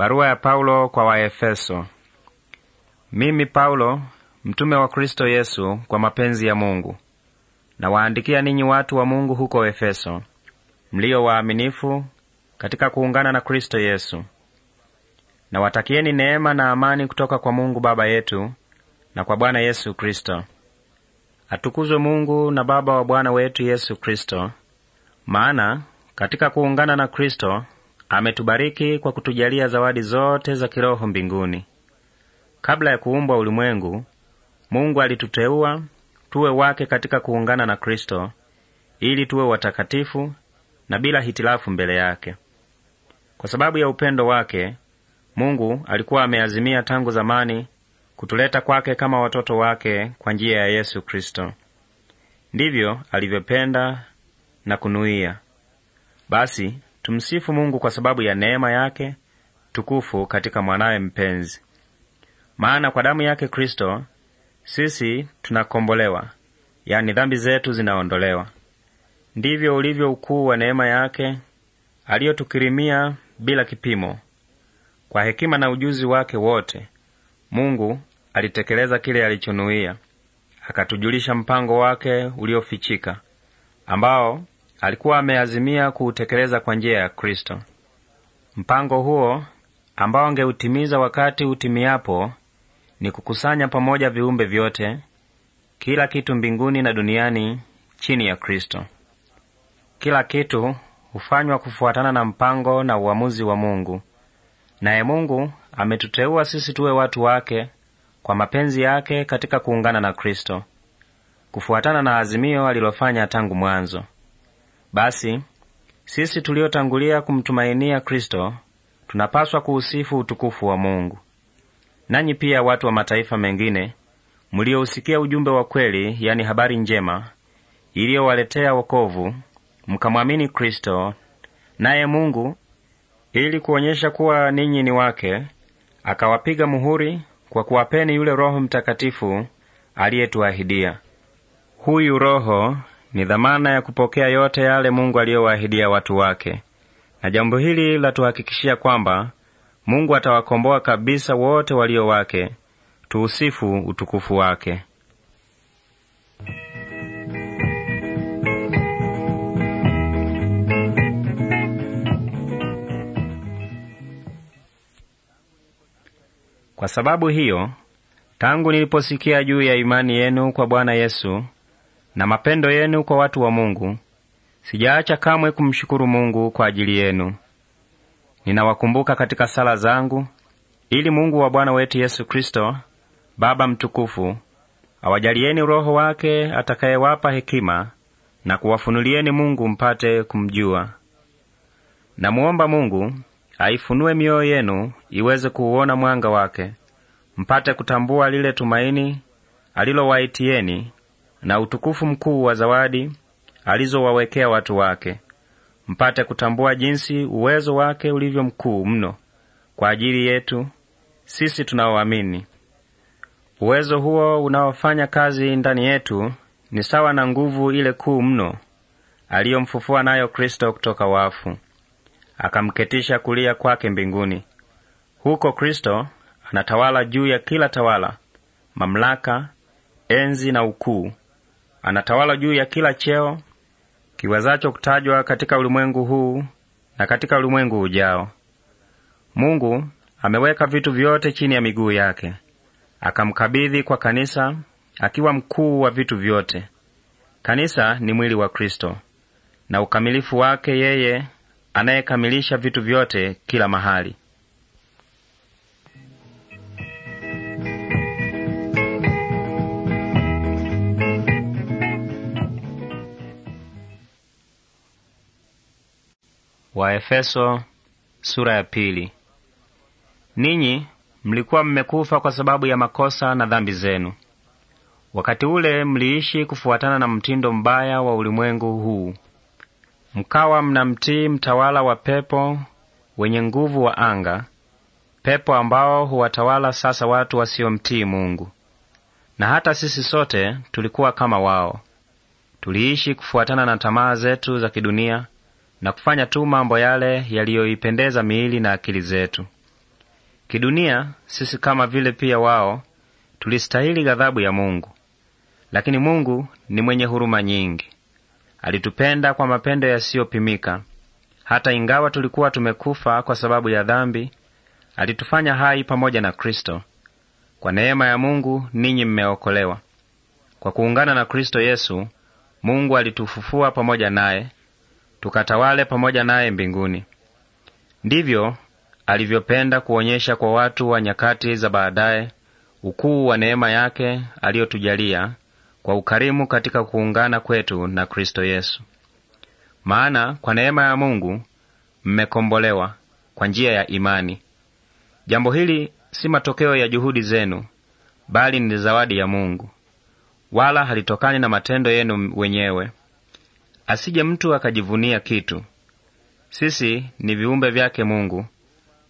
Barua ya Paulo kwa Waefeso. Mimi Paulo, mtume wa Kristo Yesu kwa mapenzi ya Mungu, nawaandikia ninyi watu wa Mungu huko Efeso, mlio waaminifu katika kuungana na Kristo Yesu. Nawatakieni neema na amani kutoka kwa Mungu Baba yetu na kwa Bwana Yesu Kristo. Atukuzwe Mungu na Baba wa Bwana wetu Yesu Kristo, maana katika kuungana na Kristo ametubariki kwa kutujalia zawadi zote za kiroho mbinguni. Kabla ya kuumbwa ulimwengu, Mungu alituteua tuwe wake katika kuungana na Kristo ili tuwe watakatifu na bila hitilafu mbele yake. Kwa sababu ya upendo wake, Mungu alikuwa ameazimia tangu zamani kutuleta kwake kama watoto wake kwa njia ya Yesu Kristo. Ndivyo alivyopenda na kunuia. Basi Tumsifu Mungu kwa sababu ya neema yake tukufu katika mwanawe mpenzi. Maana kwa damu yake Kristo sisi tunakombolewa, yani dhambi zetu zinaondolewa. Ndivyo ulivyo ukuu wa neema yake aliyotukirimia bila kipimo. Kwa hekima na ujuzi wake wote, Mungu alitekeleza kile alichonuia, akatujulisha mpango wake uliofichika, ambao alikuwa ameazimia kuutekeleza kwa njia ya Kristo. Mpango huo ambao angeutimiza wakati utimiapo ni kukusanya pamoja viumbe vyote, kila kitu mbinguni na duniani chini ya Kristo. Kila kitu hufanywa kufuatana na mpango na uamuzi wa Mungu. Naye Mungu ametuteua sisi tuwe watu wake kwa mapenzi yake katika kuungana na Kristo, kufuatana na azimio alilofanya tangu mwanzo. Basi sisi tuliotangulia kumtumainia Kristo tunapaswa kuusifu utukufu wa Mungu. Nanyi pia watu wa mataifa mengine mliousikia ujumbe wa kweli, yani habari njema iliyowaletea wokovu, mkamwamini Kristo, naye Mungu ili kuonyesha kuwa ninyi ni wake, akawapiga muhuri kwa kuwapeni yule Roho Mtakatifu aliyetuahidia. Huyu Roho ni dhamana ya kupokea yote yale Mungu aliyowaahidia watu wake, na jambo hili latuhakikishia kwamba Mungu atawakomboa kabisa wote walio wake. Tuusifu utukufu wake. Kwa sababu hiyo, tangu niliposikia juu ya imani yenu kwa Bwana Yesu na mapendo yenu kwa watu wa Mungu. Sijaacha kamwe kumshukuru Mungu kwa ajili yenu. Ninawakumbuka katika sala zangu, ili Mungu wa Bwana wetu Yesu Kristo, Baba mtukufu, awajalieni Roho wake atakayewapa hekima na kuwafunulieni Mungu mpate kumjua. Namuomba Mungu aifunue mioyo yenu iweze kuuona mwanga wake, mpate kutambua lile tumaini alilowaitieni na utukufu mkuu wa zawadi alizowawekea watu wake, mpate kutambua jinsi uwezo wake ulivyo mkuu mno kwa ajili yetu sisi tunaoamini. Uwezo huo unaofanya kazi ndani yetu ni sawa na nguvu ile kuu mno aliyomfufua nayo Kristo kutoka wafu, akamketisha kulia kwake mbinguni. Huko Kristo anatawala juu ya kila tawala, mamlaka, enzi na ukuu, anatawala juu ya kila cheo kiwazacho kutajwa katika ulimwengu huu na katika ulimwengu ujao. Mungu ameweka vitu vyote chini ya miguu yake, akamkabidhi kwa kanisa akiwa mkuu wa vitu vyote. Kanisa ni mwili wa Kristo na ukamilifu wake, yeye anayekamilisha vitu vyote kila mahali. Waefeso sura ya pili. Ninyi mlikuwa mmekufa kwa sababu ya makosa na dhambi zenu. Wakati ule mliishi kufuatana na mtindo mbaya wa ulimwengu huu, mkawa mnamtii mtawala wa pepo wenye nguvu wa anga, pepo ambao huwatawala sasa watu wasiomtii Mungu. Na hata sisi sote tulikuwa kama wao, tuliishi kufuatana na tamaa zetu za kidunia na kufanya tu mambo yale yaliyoipendeza miili na akili zetu. Kidunia sisi kama vile pia wao tulistahili ghadhabu ya Mungu, lakini Mungu ni mwenye huruma nyingi. Alitupenda kwa mapendo yasiyopimika, hata ingawa tulikuwa tumekufa kwa sababu ya dhambi, alitufanya hai pamoja na Kristo. Kwa neema ya Mungu ninyi mmeokolewa. Kwa kuungana na Kristo Yesu, Mungu alitufufua pamoja naye tukatawale pamoja naye mbinguni. Ndivyo alivyopenda kuonyesha kwa watu wa nyakati za baadaye ukuu wa neema yake aliyotujalia kwa ukarimu katika kuungana kwetu na Kristo Yesu. Maana kwa neema ya Mungu mmekombolewa kwa njia ya imani. Jambo hili si matokeo ya juhudi zenu, bali ni zawadi ya Mungu, wala halitokani na matendo yenu wenyewe asije mtu akajivunia kitu. Sisi ni viumbe vyake Mungu,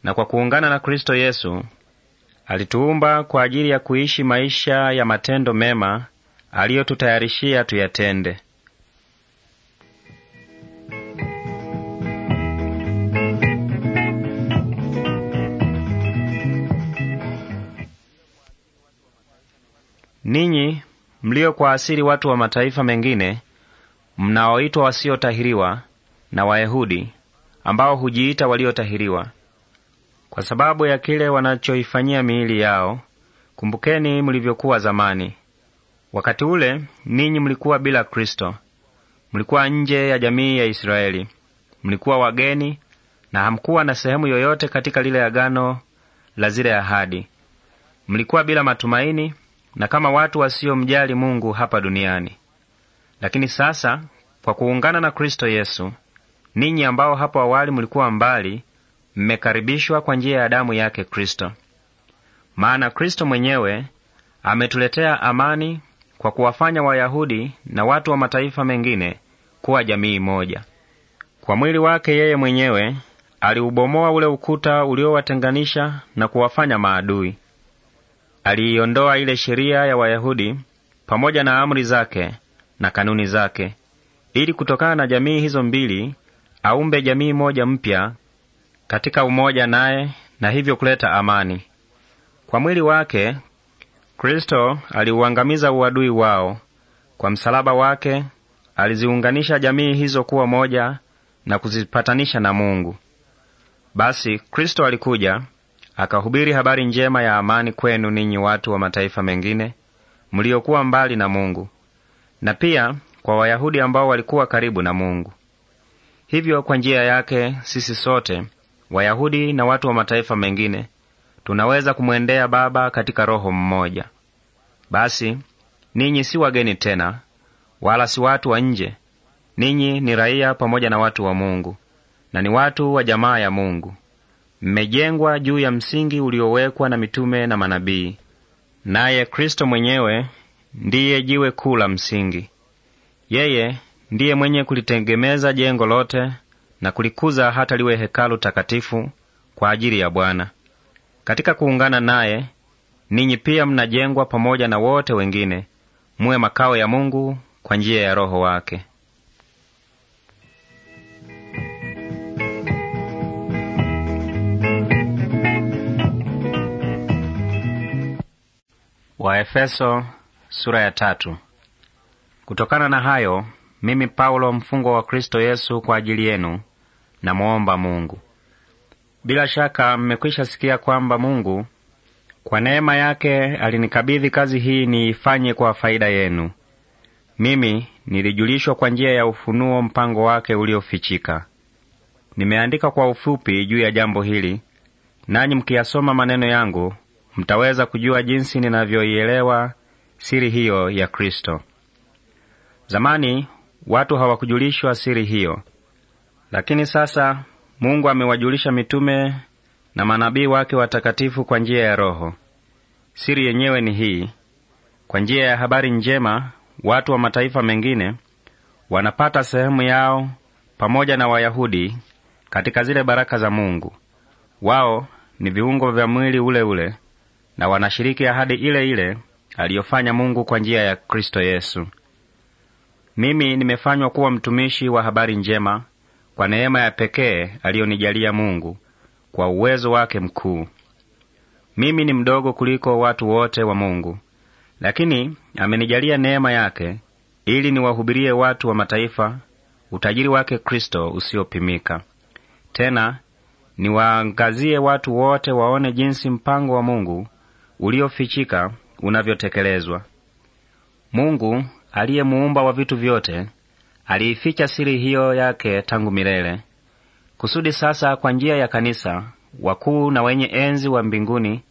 na kwa kuungana na Kristo Yesu alituumba kwa ajili ya kuishi maisha ya matendo mema aliyotutayarishia tuyatende. Ninyi mlio kwa asili watu wa mataifa mengine mnaoitwa wasiotahiriwa na Wayahudi ambao hujiita waliotahiriwa kwa sababu ya kile wanachoifanyia miili yao. Kumbukeni mlivyokuwa zamani. Wakati ule ninyi mlikuwa bila Kristo, mlikuwa nje ya jamii ya Israeli, mlikuwa wageni na hamkuwa na sehemu yoyote katika lile agano la zile ahadi. Mlikuwa bila matumaini na kama watu wasiomjali Mungu hapa duniani. Lakini sasa kwa kuungana na Kristo Yesu, ninyi ambao hapo awali mlikuwa mbali, mmekaribishwa kwa njia ya damu yake Kristo. Maana Kristo mwenyewe ametuletea amani kwa kuwafanya Wayahudi na watu wa mataifa mengine kuwa jamii moja. Kwa mwili wake yeye mwenyewe aliubomoa ule ukuta uliowatenganisha na kuwafanya maadui. Aliiondoa ile sheria ya Wayahudi pamoja na amri zake na kanuni zake, ili kutokana na jamii hizo mbili aumbe jamii moja mpya katika umoja naye, na hivyo kuleta amani. Kwa mwili wake Kristo aliuangamiza uadui wao. Kwa msalaba wake aliziunganisha jamii hizo kuwa moja na kuzipatanisha na Mungu. Basi Kristo alikuja akahubiri habari njema ya amani kwenu ninyi watu wa mataifa mengine mliokuwa mbali na Mungu na pia kwa Wayahudi ambao walikuwa karibu na Mungu. Hivyo kwa njia yake sisi sote, Wayahudi na watu wa mataifa mengine, tunaweza kumwendea Baba katika Roho mmoja. Basi ninyi si wageni tena, wala si watu wa nje. Ninyi ni raia pamoja na watu wa Mungu, na ni watu wa jamaa ya Mungu. Mmejengwa juu ya msingi uliowekwa na mitume na manabii, naye Kristo mwenyewe ndiye jiwe kuu la msingi. Yeye ndiye mwenye kulitengemeza jengo lote na kulikuza hata liwe hekalu takatifu kwa ajili ya Bwana. Katika kuungana naye, ninyi pia mnajengwa pamoja na wote wengine muwe makao ya Mungu kwa njia ya Roho wake. Waefeso sura ya tatu. Kutokana na hayo, mimi Paulo mfungwa wa Kristo Yesu kwa ajili yenu, namwomba Mungu. Bila shaka mmekwisha sikia kwamba Mungu kwa neema yake alinikabidhi kazi hii niifanye kwa faida yenu. Mimi nilijulishwa kwa njia ya ufunuo mpango wake uliofichika. Nimeandika kwa ufupi juu ya jambo hili, nanyi mkiyasoma maneno yangu mtaweza kujua jinsi ninavyoielewa siri hiyo ya Kristo. Zamani watu hawakujulishwa siri hiyo, lakini sasa Mungu amewajulisha mitume na manabii wake watakatifu kwa njia ya Roho. Siri yenyewe ni hii: kwa njia ya habari njema, watu wa mataifa mengine wanapata sehemu yao pamoja na Wayahudi katika zile baraka za Mungu. Wao ni viungo vya mwili ule ule na wanashiriki ahadi ile ile aliyofanya Mungu kwa njia ya Kristo Yesu. Mimi nimefanywa kuwa mtumishi wa habari njema kwa neema ya pekee aliyonijalia Mungu kwa uwezo wake mkuu. Mimi ni mdogo kuliko watu wote wa Mungu, lakini amenijalia neema yake ili niwahubirie watu wa mataifa utajiri wake Kristo usiopimika. Tena niwaangazie watu wote waone jinsi mpango wa Mungu uliofichika unavyotekelezwa. Mungu aliye muumba wa vitu vyote aliificha siri hiyo yake tangu milele, kusudi sasa kwa njia ya kanisa wakuu na wenye enzi wa mbinguni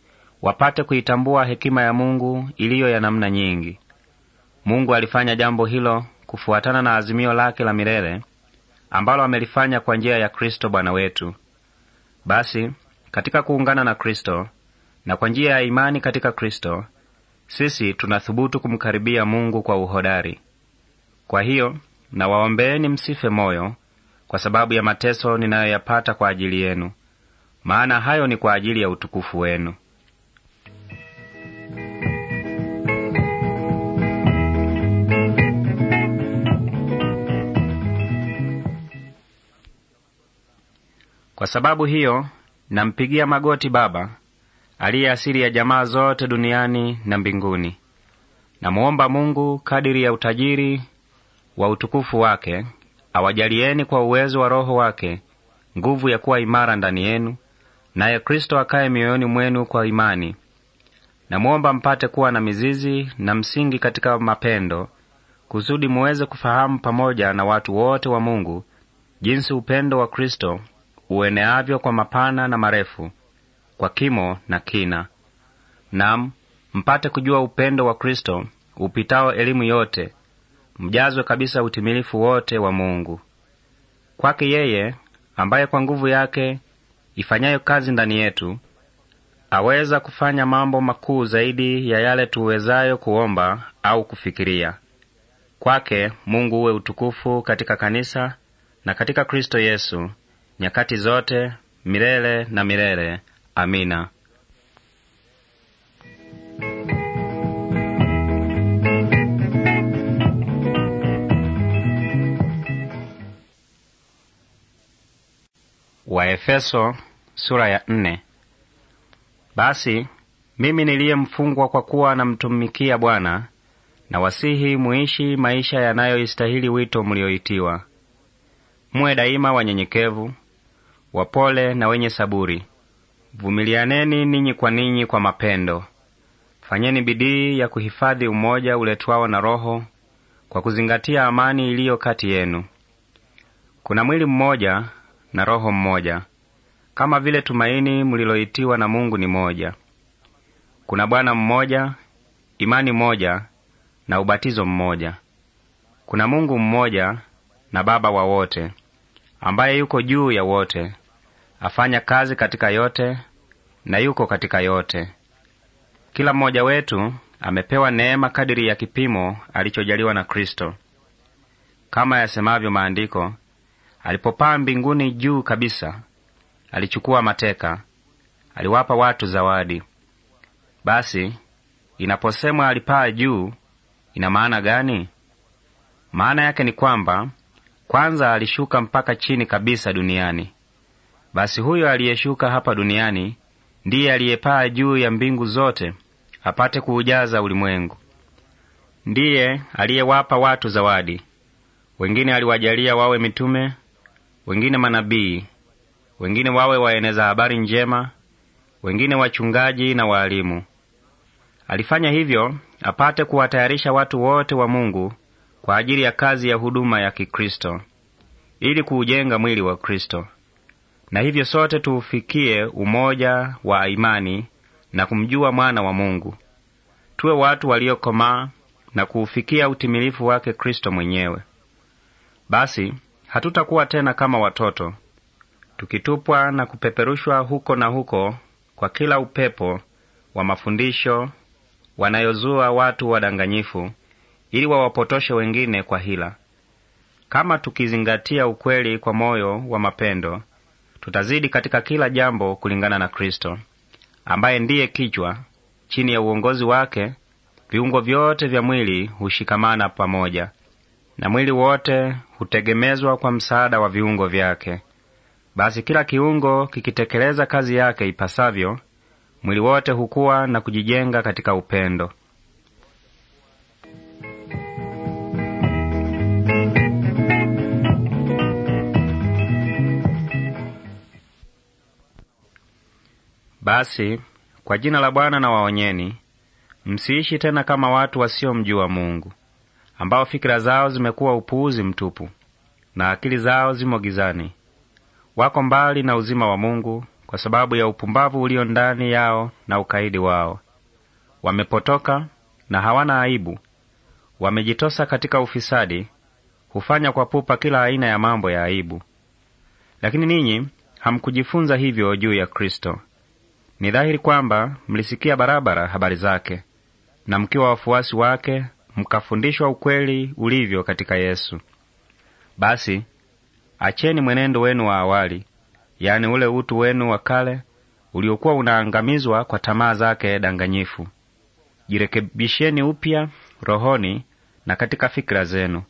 wapate kuitambua hekima ya Mungu iliyo ya namna nyingi. Mungu alifanya jambo hilo kufuatana na azimio lake la milele ambalo amelifanya kwa njia ya Kristo Bwana wetu. Basi katika kuungana na Kristo na kwa njia ya imani katika Kristo sisi tunathubutu kumkaribia Mungu kwa uhodari. Kwa hiyo nawaombeeni msife moyo kwa sababu ya mateso ninayoyapata kwa ajili yenu, maana hayo ni kwa ajili ya utukufu wenu. Kwa sababu hiyo nampigia magoti Baba aliye asili ya jamaa zote duniani na mbinguni. Namuomba Mungu kadiri ya utajiri wa utukufu wake awajalieni kwa uwezo wa Roho wake nguvu ya kuwa imara ndani yenu, naye Kristo akaye mioyoni mwenu kwa imani. Namuomba mpate kuwa na mizizi na msingi katika mapendo, kusudi muweze kufahamu pamoja na watu wote wa Mungu jinsi upendo wa Kristo ueneavyo kwa mapana na marefu kwa kimo na kina, nam mpate kujua upendo wa Kristo upitao elimu yote, mjazwe kabisa utimilifu wote wa Mungu. Kwake yeye ambaye kwa nguvu yake ifanyayo kazi ndani yetu aweza kufanya mambo makuu zaidi ya yale tuwezayo kuomba au kufikiria. Kwake Mungu uwe utukufu katika kanisa na katika Kristo Yesu nyakati zote milele na milele. Amina. Waefeso sura ya nne. Basi mimi niliye mfungwa kwa kuwa namtumikia Bwana na wasihi muishi maisha yanayoistahili wito mlioitiwa, muwe daima wanyenyekevu, wapole na wenye saburi, Vumilianeni ninyi kwa ninyi kwa mapendo. Fanyeni bidii ya kuhifadhi umoja uletwao na Roho kwa kuzingatia amani iliyo kati yenu. Kuna mwili mmoja na Roho mmoja, kama vile tumaini mliloitiwa na Mungu ni moja. Kuna Bwana mmoja, imani moja na ubatizo mmoja. Kuna Mungu mmoja na Baba wa wote, ambaye yuko juu ya wote afanya kazi katika yote na yuko katika yote. Kila mmoja wetu amepewa neema kadiri ya kipimo alichojaliwa na Kristo. Kama yasemavyo Maandiko, alipopaa mbinguni juu kabisa, alichukua mateka, aliwapa watu zawadi. Basi inaposemwa alipaa juu, ina maana gani? Maana yake ni kwamba kwanza alishuka mpaka chini kabisa duniani. Basi huyo aliyeshuka hapa duniani ndiye aliyepaa juu ya mbingu zote apate kuujaza ulimwengu. Ndiye aliyewapa watu zawadi. Wengine aliwajalia wawe mitume, wengine manabii, wengine wawe waeneza habari njema, wengine wachungaji na waalimu. Alifanya hivyo apate kuwatayarisha watu wote wa Mungu kwa ajili ya kazi ya huduma ya Kikristo ili kuujenga mwili wa Kristo na hivyo sote tuufikie umoja wa imani na kumjua mwana wa Mungu, tuwe watu waliokomaa na kuufikia utimilifu wake Kristo mwenyewe. Basi hatutakuwa tena kama watoto tukitupwa na kupeperushwa huko na huko kwa kila upepo wa mafundisho wanayozua watu wadanganyifu ili wawapotoshe wengine kwa hila. Kama tukizingatia ukweli kwa moyo wa mapendo, tutazidi katika kila jambo kulingana na Kristo ambaye ndiye kichwa. Chini ya uongozi wake viungo vyote vya mwili hushikamana pamoja, na mwili wote hutegemezwa kwa msaada wa viungo vyake. Basi kila kiungo kikitekeleza kazi yake ipasavyo, mwili wote hukua na kujijenga katika upendo. Basi kwa jina la Bwana na waonyeni, msiishi tena kama watu wasiomjua Mungu, ambao fikira zao zimekuwa upuuzi mtupu na akili zao zimo gizani. Wako mbali na uzima wa Mungu kwa sababu ya upumbavu ulio ndani yao na ukaidi wao. Wamepotoka na hawana aibu, wamejitosa katika ufisadi, hufanya kwa pupa kila aina ya mambo ya aibu. Lakini ninyi hamkujifunza hivyo juu ya Kristo. Ni dhahiri kwamba mlisikia barabara habari zake, na mkiwa wafuasi wake mkafundishwa ukweli ulivyo katika Yesu. Basi acheni mwenendo wenu wa awali, yaani ule utu wenu wa kale uliokuwa unaangamizwa kwa tamaa zake danganyifu. Jirekebisheni upya rohoni na katika fikira zenu.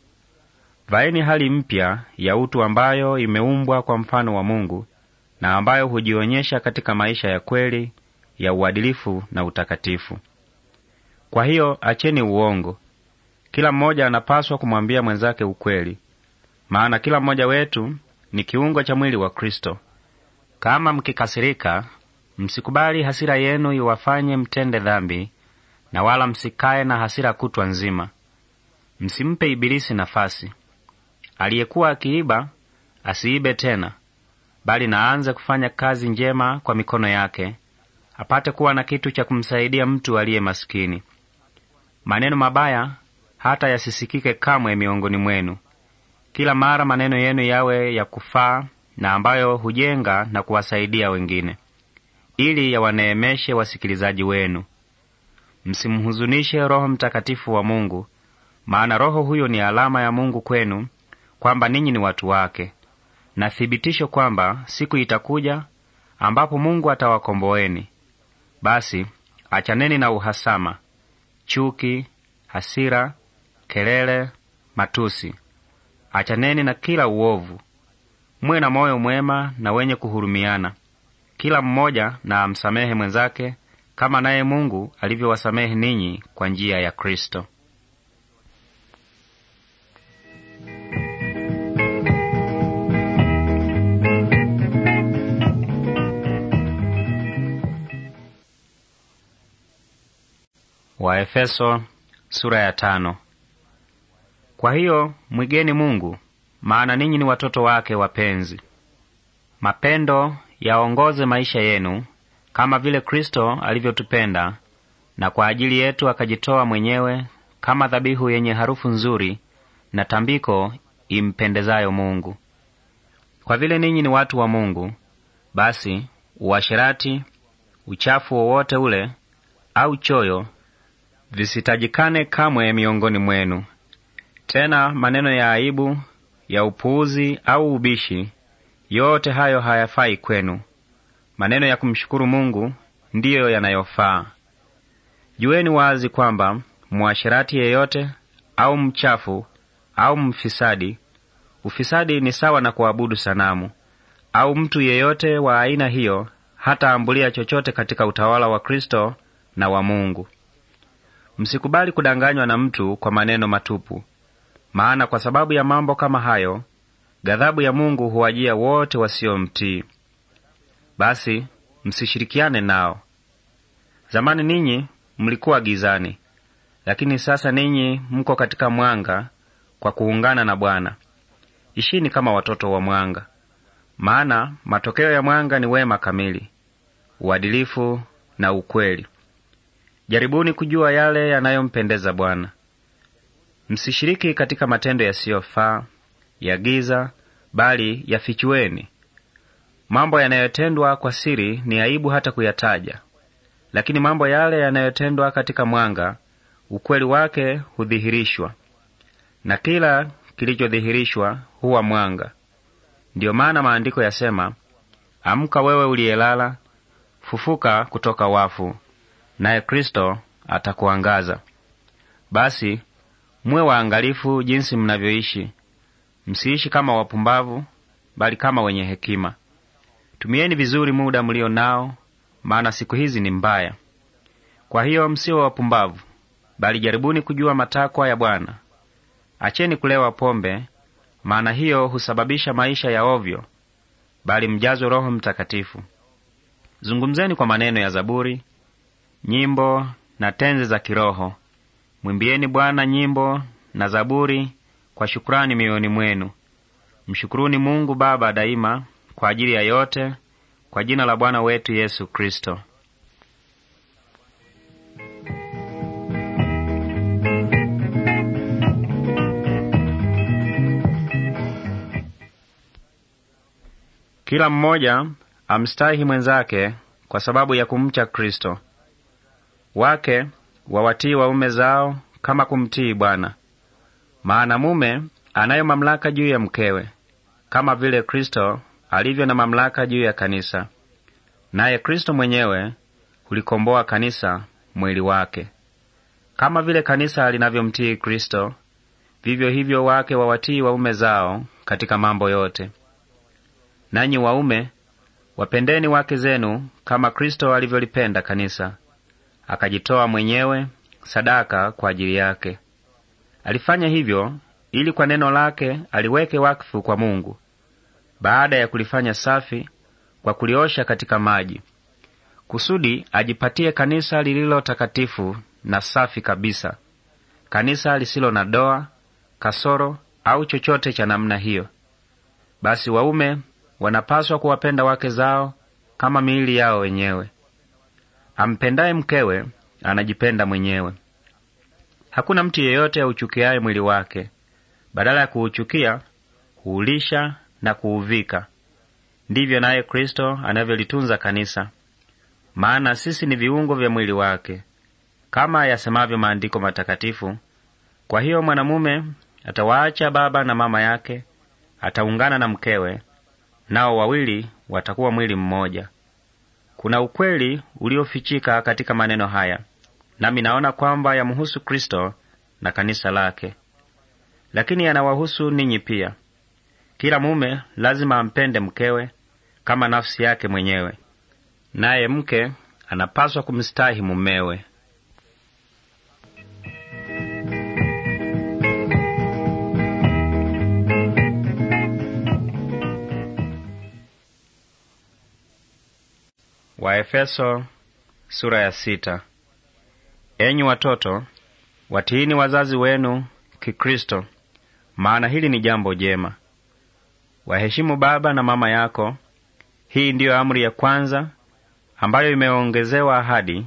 Vaeni hali mpya ya utu ambayo imeumbwa kwa mfano wa Mungu na ambayo hujionyesha katika maisha ya kweli ya uadilifu na utakatifu. Kwa hiyo acheni uongo. Kila mmoja anapaswa kumwambia mwenzake ukweli, maana kila mmoja wetu ni kiungo cha mwili wa Kristo. Kama mkikasirika, msikubali hasira yenu iwafanye mtende dhambi, na wala msikae na hasira kutwa nzima. Msimpe Ibilisi nafasi. Aliyekuwa akiiba asiibe tena, bali naanze kufanya kazi njema kwa mikono yake, apate kuwa na kitu cha kumsaidia mtu aliye masikini Maneno mabaya hata yasisikike kamwe miongoni mwenu. Kila mara maneno yenu yawe ya kufaa na ambayo hujenga na kuwasaidia wengine, ili yawaneemeshe wasikilizaji wenu. Msimhuzunishe Roho Mtakatifu wa Mungu, maana Roho huyo ni alama ya Mungu kwenu kwamba ninyi ni watu wake na thibitisho kwamba siku itakuja ambapo Mungu atawakomboeni. Basi achaneni na uhasama, chuki, hasira, kelele, matusi. Achaneni na kila uovu. mwe na moyo mwema na wenye kuhurumiana, kila mmoja na amsamehe mwenzake kama naye Mungu alivyowasamehe ninyi kwa njia ya Kristo. Waefeso sura ya tano. Kwa hiyo mwigeni Mungu, maana ninyi ni watoto wake wapenzi. Mapendo yaongoze maisha yenu kama vile Kristo alivyotupenda na kwa ajili yetu akajitoa mwenyewe kama dhabihu yenye harufu nzuri na tambiko impendezayo Mungu. Kwa vile ninyi ni watu wa Mungu, basi uasherati, uchafu wowote ule au choyo visitajikane kamwe miongoni mwenu. Tena maneno ya aibu, ya upuuzi au ubishi, yote hayo hayafai kwenu. Maneno ya kumshukuru Mungu ndiyo yanayofaa. Jueni wazi kwamba mwashirati yeyote au mchafu au mfisadi, ufisadi ni sawa na kuabudu sanamu, au mtu yeyote wa aina hiyo hataambulia chochote katika utawala wa Kristo na wa Mungu. Msikubali kudanganywa na mtu kwa maneno matupu, maana kwa sababu ya mambo kama hayo ghadhabu ya Mungu huwajia wote wasiomtii. Basi msishirikiane nao. Zamani ninyi mlikuwa gizani, lakini sasa ninyi mko katika mwanga kwa kuungana na Bwana. Ishini kama watoto wa mwanga, maana matokeo ya mwanga ni wema kamili, uadilifu na ukweli. Jaribuni kujua yale yanayompendeza Bwana. Msishiriki katika matendo yasiyofaa ya giza, bali yafichueni. Mambo yanayotendwa kwa siri ni aibu hata kuyataja, lakini mambo yale yanayotendwa katika mwanga, ukweli wake hudhihirishwa, na kila kilichodhihirishwa huwa mwanga. Ndiyo maana maandiko yasema, amka wewe uliyelala, fufuka kutoka wafu naye Kristo atakuangaza. Basi muwe waangalifu jinsi mnavyoishi, msiishi kama wapumbavu, bali kama wenye hekima. Tumieni vizuri muda mlio nao, maana siku hizi ni mbaya. Kwa hiyo msiwe wapumbavu, bali jaribuni kujua matakwa ya Bwana. Acheni kulewa pombe, maana hiyo husababisha maisha ya ovyo, bali mjazwe Roho Mtakatifu. Zungumzeni kwa maneno ya Zaburi, nyimbo na tenzi za kiroho. Mwimbieni Bwana nyimbo na zaburi kwa shukurani mioyoni mwenu. Mshukuruni Mungu Baba daima kwa ajili ya yote, kwa jina la Bwana wetu Yesu Kristo. Kila mmoja amstahi mwenzake kwa sababu ya kumcha Kristo. Wake wawatii waume zao kama kumtii Bwana. Maana mume anayo mamlaka juu ya mkewe kama vile Kristo alivyo na mamlaka juu ya kanisa, naye Kristo mwenyewe hulikomboa kanisa, mwili wake. Kama vile kanisa linavyomtii Kristo, vivyo hivyo wake wawatii waume zao katika mambo yote. Nanyi waume, wapendeni wake zenu kama Kristo alivyolipenda kanisa akajitoa mwenyewe sadaka kwa ajili yake. Alifanya hivyo ili kwa neno lake aliweke wakfu kwa Mungu, baada ya kulifanya safi kwa kuliosha katika maji, kusudi ajipatie kanisa lililo takatifu na safi kabisa, kanisa lisilo na doa, kasoro au chochote cha namna hiyo. Basi waume wanapaswa kuwapenda wake zao kama miili yao wenyewe. Ampendaye mkewe anajipenda mwenyewe. Hakuna mtu yeyote auchukiaye mwili wake, badala ya kuuchukia huulisha na kuuvika. Ndivyo naye Kristo anavyolitunza kanisa, maana sisi ni viungo vya mwili wake, kama yasemavyo maandiko matakatifu: kwa hiyo mwanamume atawaacha baba na mama yake, ataungana na mkewe, nao wawili watakuwa mwili mmoja. Kuna ukweli uliofichika katika maneno haya, nami naona kwamba yamhusu Kristo na kanisa lake, lakini yanawahusu ninyi pia. Kila mume lazima ampende mkewe kama nafsi yake mwenyewe, naye mke anapaswa kumstahi mumewe. Waefeso sura ya sita. Enyi watoto, watiini wazazi wenu Kikristo, maana hili ni jambo jema. Waheshimu baba na mama yako, hii ndiyo amri ya kwanza ambayo imeongezewa ahadi,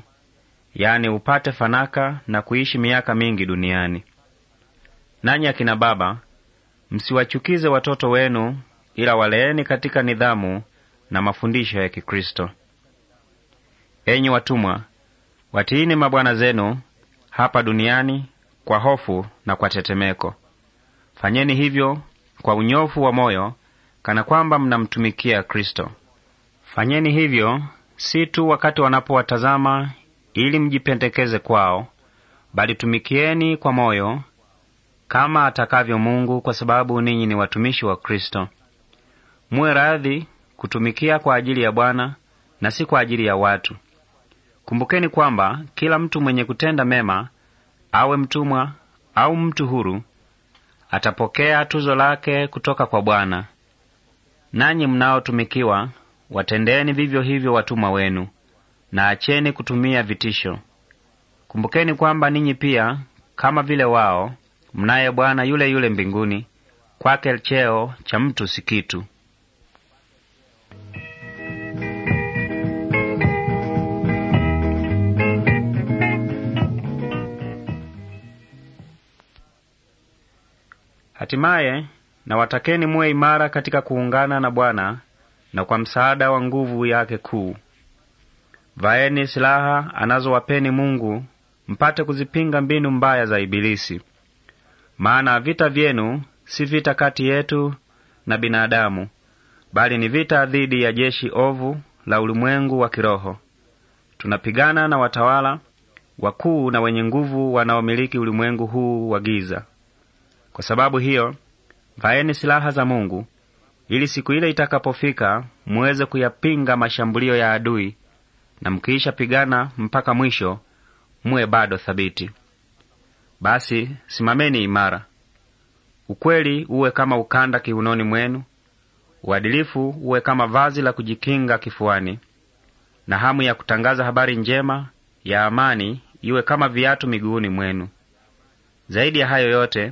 yaani upate fanaka na kuishi miaka mingi duniani. Nanyi akina baba, msiwachukize watoto wenu, ila waleeni katika nidhamu na mafundisho ya Kikristo. Enyi watumwa, watiini mabwana zenu hapa duniani kwa hofu na kwa tetemeko. Fanyeni hivyo kwa unyofu wa moyo, kana kwamba mnamtumikia Kristo. Fanyeni hivyo si tu wakati wanapowatazama ili mjipendekeze kwao, bali tumikieni kwa moyo kama atakavyo Mungu, kwa sababu ninyi ni watumishi wa Kristo. Muwe radhi kutumikia kwa ajili ya Bwana na si kwa ajili ya watu. Kumbukeni kwamba kila mtu mwenye kutenda mema, awe mtumwa au mtu huru, atapokea tuzo lake kutoka kwa Bwana. Nanyi mnaotumikiwa, watendeni vivyo hivyo watumwa wenu, na acheni kutumia vitisho. Kumbukeni kwamba ninyi pia kama vile wao mnaye Bwana yule yule mbinguni, kwake cheo cha mtu si kitu. Hatimaye nawatakeni muwe imara katika kuungana na Bwana na kwa msaada wa nguvu yake kuu. Vaeni silaha anazowapeni Mungu, mpate kuzipinga mbinu mbaya za Ibilisi. Maana vita vyenu si vita kati yetu na binadamu, bali ni vita dhidi ya jeshi ovu la ulimwengu wa kiroho. Tunapigana na watawala wakuu na wenye nguvu wanaomiliki ulimwengu huu wa giza kwa sababu hiyo, vaeni silaha za Mungu ili siku ile itakapofika muweze kuyapinga mashambulio ya adui, na mkiisha pigana mpaka mwisho, muwe bado thabiti. Basi simameni imara, ukweli uwe kama ukanda kiunoni mwenu, uadilifu uwe kama vazi la kujikinga kifuani, na hamu ya kutangaza habari njema ya amani iwe kama viatu miguuni mwenu. Zaidi ya hayo yote,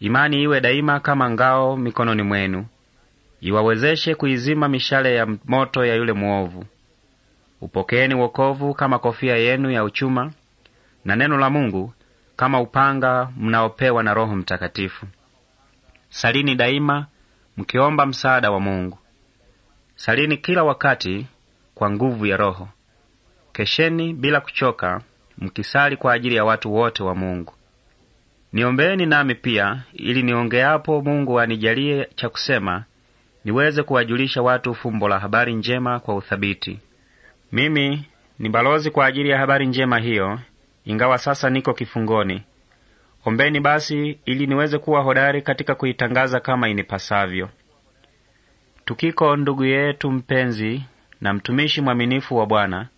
Imani iwe daima kama ngao mikononi mwenu, iwawezeshe kuizima mishale ya moto ya yule mwovu. Upokeeni wokovu kama kofia yenu ya uchuma, na neno la Mungu kama upanga mnaopewa na Roho Mtakatifu. Salini daima mkiomba msaada wa Mungu. Salini kila wakati kwa nguvu ya Roho. Kesheni bila kuchoka, mkisali kwa ajili ya watu wote wa Mungu. Niombeeni nami pia, ili niongeapo Mungu anijalie cha kusema, niweze kuwajulisha watu fumbo la habari njema kwa uthabiti. Mimi ni balozi kwa ajili ya habari njema hiyo, ingawa sasa niko kifungoni. Ombeni basi ili niweze kuwa hodari katika kuitangaza kama inipasavyo. Tukiko ndugu yetu mpenzi na mtumishi mwaminifu wa Bwana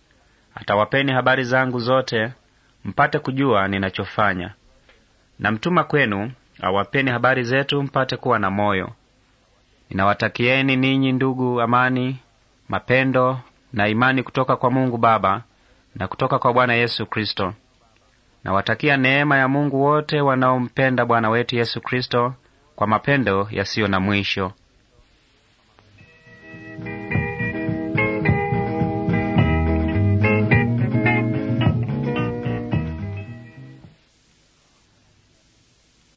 atawapeni habari zangu zote, mpate kujua ninachofanya. Namtuma kwenu awapeni habari zetu, mpate kuwa na moyo. Ninawatakieni ninyi ndugu, amani, mapendo na imani kutoka kwa Mungu Baba na kutoka kwa Bwana Yesu Kristo. Nawatakia neema ya Mungu wote wanaompenda Bwana wetu Yesu Kristo kwa mapendo yasiyo na mwisho.